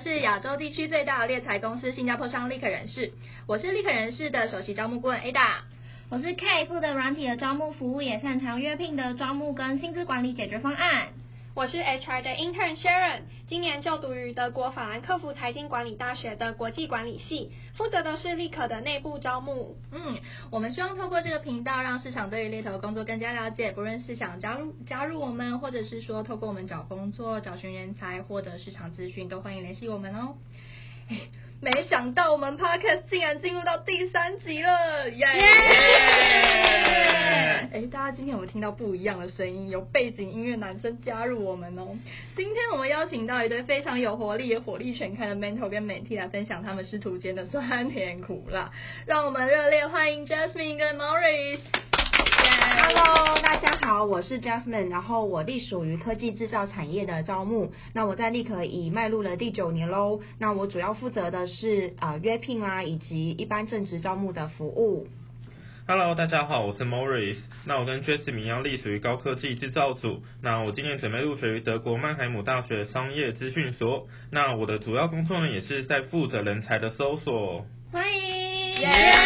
是亞洲地區最大的獵才公司，新加坡商立可人事，我是立可人事的首席招募顧問 Ada，我是 K，負責軟體的招募服務，也擅長約聘的招募跟薪資管理解決方案。我是 HR 的 Intern Sharon，今年就讀於德國法蘭克福財經管理大學的國際管理系，負責的是立可的內部招募。嗯，我們希望透過這個頻道，讓市場對於獵頭的工作更加了解。不論是想加入加入我們，或者是說透過我們找工作、找尋人才、獲得市場資訊，都歡迎聯繫我們哦。沒想到我們 podcast 竟然進入到第三集了，耶！哎，大家今天我們有沒有聽到不一樣的聲音，有背景音樂，男生加入我們哦、喔。今天我們邀請到一對非常有活力、也火力全開的 mentor 跟 mentee 來分享他們師徒間的酸甜苦辣，讓我們熱烈歡迎 Jasmine 跟 Morris。 yeah, Hello。Hi 我是 Jasmine，然後我隸屬於科技製造產業的招募。那我在立可已邁入了第九年嘍。那我主要負責的是啊、呃、約聘啦、啊，以及一般正職招募的服務。Hello，大家好，我是 Maurice。那我跟 Jasmine 一樣，隸屬於高科技製造組。那我今年準備入學於德國曼海姆大學商業資訊所。那我的主要工作呢，也是在負責人才的搜索。歡迎。Yeah!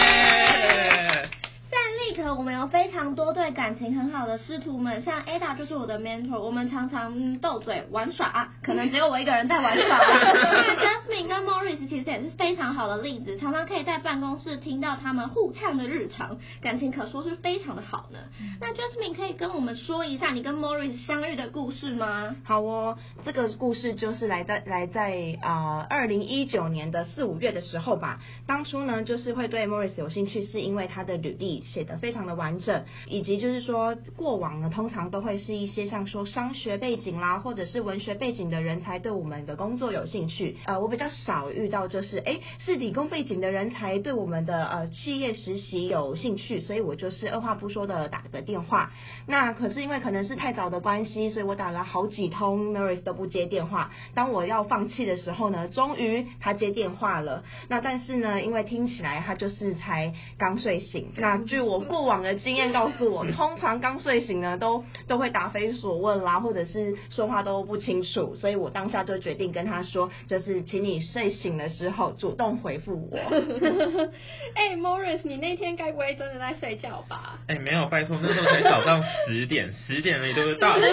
我們有非常多對感情很好的師徒們，像 Ada 就是我的 mentor，我們常常鬥、嗯、嘴玩耍、啊，可能只有我一個人在玩耍。對和 Jasmine 跟 Morris 其實也是非常好的例子，常常可以在辦公室聽到他們互唱的日常，感情可說是非常的好呢。那 Jasmine 可以跟我們說一下你跟 Morris 相遇的故事嗎？好哦，這個故事就是來在來在啊二零一九年的四五月的時候吧。當初呢，就是會對 Morris 有興趣，是因為他的履歷寫得。非常的完整，以及就是說過往呢，通常都會是一些像說商學背景啦，或者是文學背景的人才對我們的工作有興趣。呃，我比較少遇到就是，哎、欸，是理工背景的人才對我們的呃企業實習有興趣，所以我就是二話不說的打個電話。那可是因為可能是太早的關係，所以我打了好幾通，Maurice 都不接電話。當我要放棄的時候呢，終於他接電話了。那但是呢，因為聽起來他就是才剛睡醒。那據我，過往的經驗告訴我，通常剛睡醒呢，都都會答非所問啦，或者是說話都不清楚，所以我當下就決定跟他說，就是請你睡醒的時候主動回復我。哎、 欸、，Morris，你那天該不會真的在睡覺吧？哎、欸，沒有，拜託，那時候才早上十點， 十點了，你都是大學生，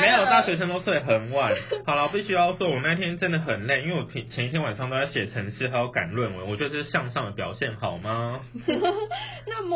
沒有，大學生都睡很晚。好了，我必須要說，我那天真的很累，因為我平前一天晚上都在寫程式，還要趕論文，我覺得這是向上的表現，好嗎？ 那麼。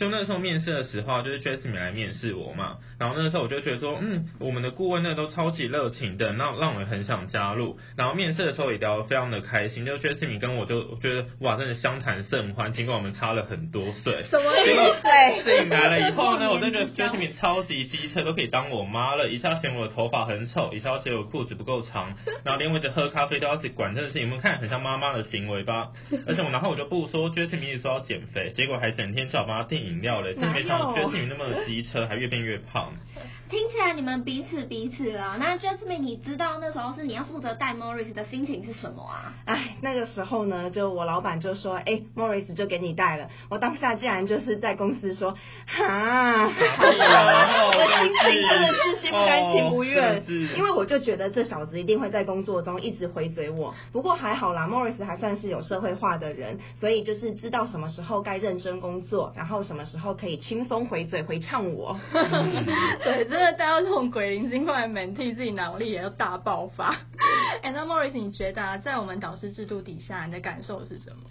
就那時候面試的時候，就是 Jasmine 來面試我嘛，然後那時候我就覺得說，嗯，我們的顧問呢都超級熱情的，那讓我很想加入。然後面試的時候也聊得非常的開心，就 Jasmine 跟我就覺得哇，真的相談甚歡。儘管我們差了很多歲，什麼歲？來了以後呢，我真的覺得 Jasmine 超級機車，都可以當我媽了。一下嫌我的頭髮很醜，一下嫌我褲子不夠長，然後連我的喝咖啡都要自己管，真的是有沒有看很像媽媽的行為吧？而且我然後我就不說 Jasmine 一直說要減肥，結果還整天叫我幫他訂。飲料嘞，真沒想到娟姐那麼的機車，還越變越胖。 聽起來你們彼此彼此啊，那 Jasmine 你知道那時候是你要負責帶 Morris 的心情是什麼啊？哎，那個時候呢，就我老板就說，哎、欸、，Morris 就給你帶了。我當下竟然就是在公司說，哈、啊。我、 oh, oh, oh, oh, 心情真的是心不甘情不願，oh, 因為我就覺得這小子一定會在工作中一直回嘴我。不過還好啦，Morris 還算是有社會化的人，所以就是知道什麼時候該認真工作，然後什麼時候可以輕鬆回嘴回嗆我。 對。大家 這種鬼靈精怪來蒙替自己腦力也要大爆發。哎，那 Morris，你覺得、啊、在我們導師制度底下，你的感受是什麼？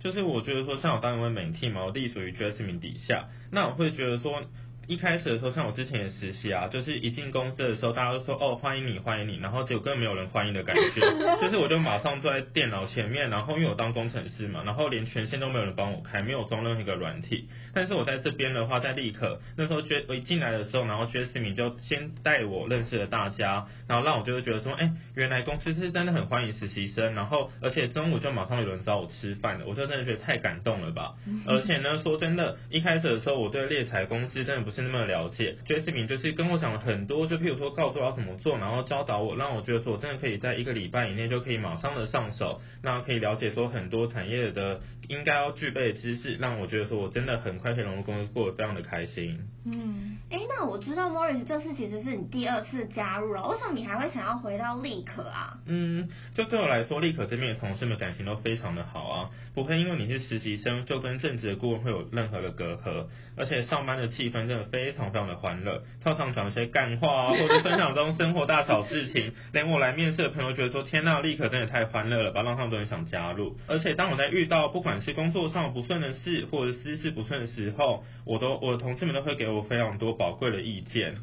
就是我覺得說，像我當一位蒙替嘛，我隸屬於 Jasmine 底下，那我會覺得說。一開始的時候，像我之前也實習啊，就是一進公司的時候，大家都說哦，歡迎你歡迎你，然後就根本沒有人歡迎的感覺，就是我就馬上坐在電腦前面，然後因為我當工程師嘛，然後連權限都沒有人幫我開，沒有裝任何一個軟體。但是我在這邊的話，在立可，那時候，覺我一進來的時候，然後薛世明就先帶我認識了大家，然後讓我就會覺得說，哎、欸，原來公司是真的很歡迎實習生，然後而且中午就馬上有人找我吃飯的，我就真的覺得太感動了吧。而且呢，說真的，一開始的時候，我對獵才公司真的不。是那麼了解 Jason 就是跟我講了很多，就譬如說告訴我要怎麼做，然後教導我，讓我覺得說我真的可以在一個禮拜以內就可以馬上的上手，那可以了解說很多產業的應該要具備的知識，讓我覺得說我真的很快可以融入公司，過得非常的開心。嗯，哎、欸，那我知道 Morris 這次其實是你第二次加入了，為什麼你還會想要回到立可啊？嗯，就對我來說，立可這邊的同事們感情都非常的好啊，不會因為你是實習生就跟正職的顧問會有任何的隔閡，而且上班的氣氛正。非常非常的歡樂，常常講一些幹話，啊，或者分享這種生活大小事情， 連我來面試的朋友覺得說，天吶，啊，立可真的太歡樂了吧，讓他們都很想加入。而且當我在遇到不管是工作上不順的事，或者私事不順的時候，我都我的同事們都會給我非常多寶貴的意見。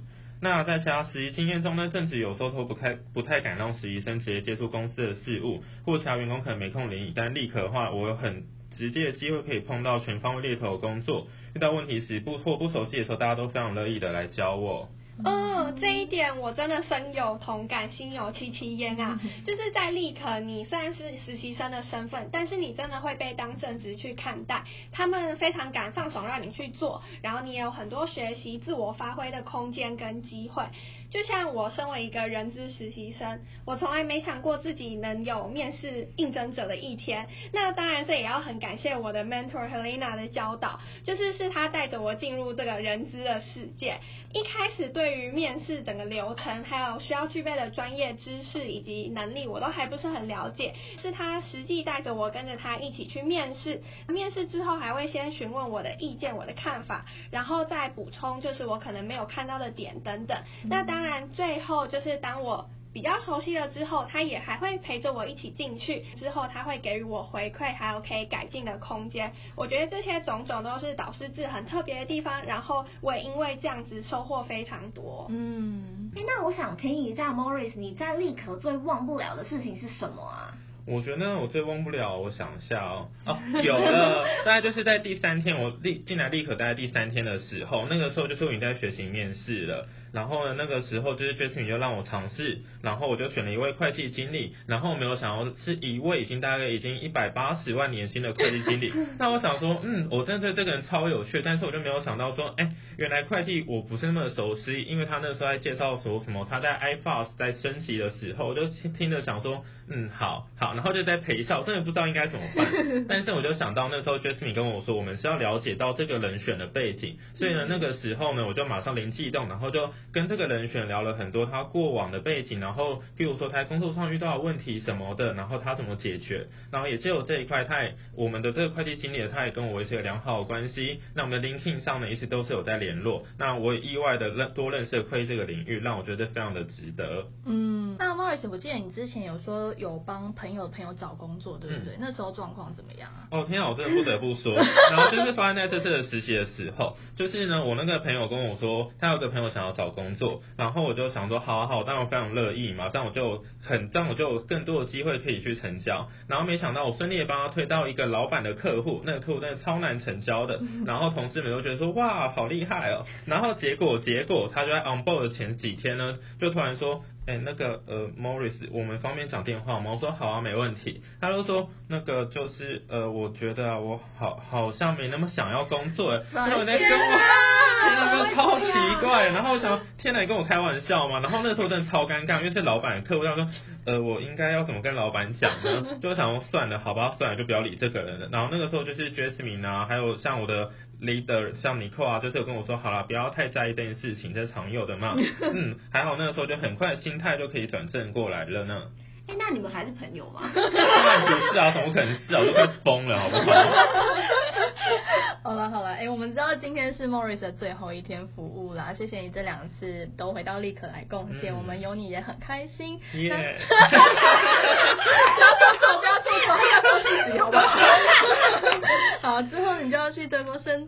那在其他實習經驗中呢，甚至有時候都不太不太敢讓實習生直接接觸公司的事務，或者其他員工可能沒空理你，但立可的話，我有很。直接的機會可以碰到全方位獵頭的工作，遇到問題時不或不熟悉的時候，大家都非常樂意的來教我。嗯、呃，這一點我真的深有同感，心有戚戚焉啊。就是在立可，你雖然是實習生的身份，但是你真的會被當正職去看待，他們非常敢放手讓你去做，然後你也有很多學習自我發揮的空間跟機會。就像我身為一個人資實習生，我從來沒想過自己能有面試應徵者的一天。那當然，這也要很感謝我的 mentor Helena 的教導，就是是他帶着我進入這個人資的世界。一開始對於面試整個流程，還有需要具備的專業知識以及能力，我都還不是很了解。是他實際帶着我跟着他一起去面試，面試之後還會先詢問我的意見、我的看法，然後再補充就是我可能沒有看到的點等等。那當當然，最後就是當我比較熟悉了之後，他也還會陪着我一起進去。之後他會給予我回饋，還有可以改進的空間。我覺得這些種種都是導師制很特別的地方。然後我也因為這樣子收穫非常多。嗯，哎，那我想聽一下，Morris，你在立可最忘不了的事情是什麼啊？我覺得我最忘不了，我想一下哦，哦，有的 大概就是在第三天，我立進來立可，大概第三天的時候，那個時候就是我在學習面試了。然後呢，那個時候就是 Justin 就讓我嘗試，然後我就選了一位會計經理，然後我沒有想到是一位已經大概已經一百八十萬年薪的會計經理。那我想說，嗯，我真的對這個人超有趣，但是我就沒有想到說，哎，原來會計我不是那麼熟悉，因為他那時候在介紹說什麼他在 iFast 在升級的時候，我就聽着想說，嗯，好好，然後就在陪笑，真的不知道應該怎麼辦。但是我就想到那時候 Justin 跟我說，我們是要了解到這個人選的背景，所以呢，那個時候呢，我就馬上靈機一動，然後就。跟這個人選聊了很多他過往的背景，然後譬如說他在工作上遇到的問題什麼的，然後他怎麼解決，然後也借由這一塊，他也我們的這個會計經理，他也跟我一些良好的關係。那我們的 LinkedIn 上呢，一直都是有在聯絡。那我也意外的認多認識的會計這個領域，讓我覺得非常的值得。嗯，那 Maurice 我記得你之前有說有幫朋友的朋友找工作，對不對？嗯、那時候狀況怎麼樣啊？哦，天啊，我真的不得不說。 然後就是發生在這次的實習的時候，就是呢，我那個朋友跟我說，他有個朋友想要找。工作，然後我就想說，好好好，我當然非常樂意嘛，這樣我就很，這樣我就有更多的機會可以去成交。然後沒想到我順利幫他推到一個老闆的客戶，那個客戶真的超難成交的，然後同事們都覺得說，哇，好厲害哦。然後結果結果他就在 on board 的前幾天呢，就突然說。哎、欸，那個呃，Morris，我們方便講電話嗎？我說好啊，沒問題。他就說那個就是呃，我覺得、啊、我好好像沒那麼想要工作。我哪，天哪、啊啊啊，超奇怪。然後我想，天哪、啊啊啊啊啊啊啊啊，你跟我開玩笑嘛。然後那個時候真的超尷尬，因為是老闆客戶。他說，呃，我應該要怎麼跟老闆講呢？ 就想說算了，好吧，算了，就不要理這個人了。然後那個時候就是 Jasmine 啊，還有像我的。leader 像尼克啊，就是有跟我說，好了，不要太在意這件事情，這是常有的嘛。 嗯，還好那個時候就很快心態就可以轉正過來了呢。哎、欸，那你們還是朋友嗎？ 不是啊，怎麼可能是啊？我都快瘋了，好不好？好了好了，哎，我們知道今天是 Morris 的最後一天服務啦，謝謝你這兩次都回到立可來貢獻、嗯，我們有你也很開心。耶、yeah. 不要做錯不，不，不要做自己，好吧？ 好，之後你就要去德國生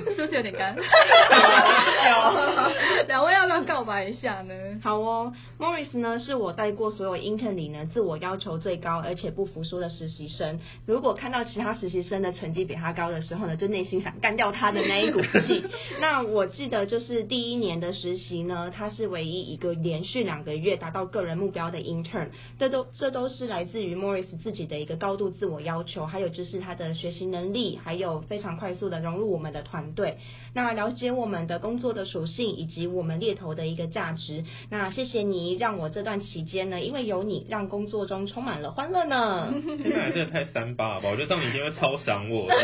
是不是有點乾？有 兩位要不要告白一下呢？好哦，Morris 呢是我帶過所有 intern 裡呢自我要求最高，而且不服輸的實習生。如果看到其他實習生的成績比他高的時候呢，就內心想幹掉他的那一股氣 那我記得就是第一年的實習呢，他是唯一一個連續兩個月達到個人目標的 intern。這都這都是來自於 Morris 自己的一個高度自我要求，還有就是他的學習能力，還有非常快速的融入我們的團隊。對，那了解我們的工作的屬性以及我們獵頭的一個價值。那謝謝你，讓我這段期間呢，因為有你，讓工作中充滿了歡樂呢。現在還是太三八了吧？我覺得到你今天會超想我的。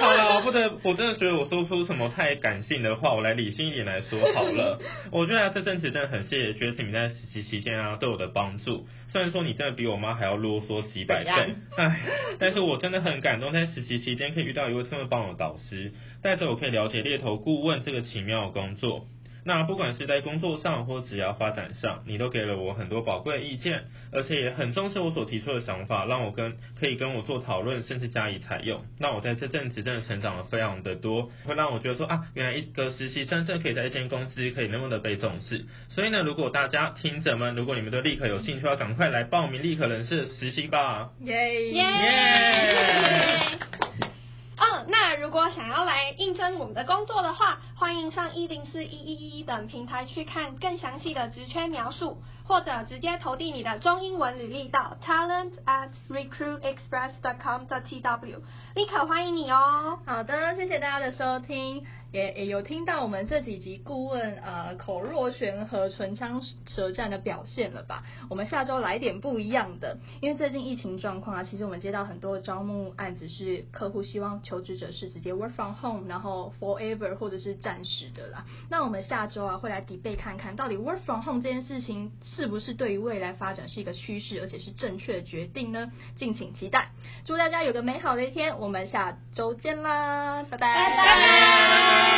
好了，我不得，我真的覺得我說出什麼太感性的話，我來理性一點來說好了。我覺得、啊、這陣子真的很謝謝，覺得你在實習期間啊對我的幫助。雖然說你真的比我媽還要囉嗦幾百倍，哎，但是我真的很感動，在實習期間可以遇到一位這麼棒的導師，帶着我可以了解獵頭顧問這個奇妙的工作。那不管是在工作上或職業發展上，你都給了我很多寶貴的意見，而且也很重視我所提出的想法，讓我跟可以跟我做討論，甚至加以採用。那我在這陣子真的成長了非常的多，會讓我覺得說啊，原來一個實習生真可以在一間公司可以那麼的被重視。所以呢，如果大家聽者們，如果你們對立可有興趣，要趕快來報名立可人事實習吧。耶耶。如果想要來應徵我們的工作的話，歡迎上一零四一一一等平台去看更詳細的職缺描述。或者直接投遞你的中英文履歷到 talent at recruitexpress dot com dot tw，立刻歡迎你哦。好的，謝謝大家的收聽，也也有聽到我們這幾集顧問呃口若懸河、唇槍舌戰的表現了吧？我們下周來點不一樣的，因為最近疫情狀況啊，其實我們接到很多的招募案子，是客戶希望求職者是直接 work from home，然後 forever 或者是暫時的啦。那我們下周啊會來 debate 看看到底 work from home 這件事情是。是不是對於未來發展是一個趨勢，而且是正確的決定呢？敬請期待。祝大家有個美好的一天，我們下週見啦，拜拜。Bye bye bye bye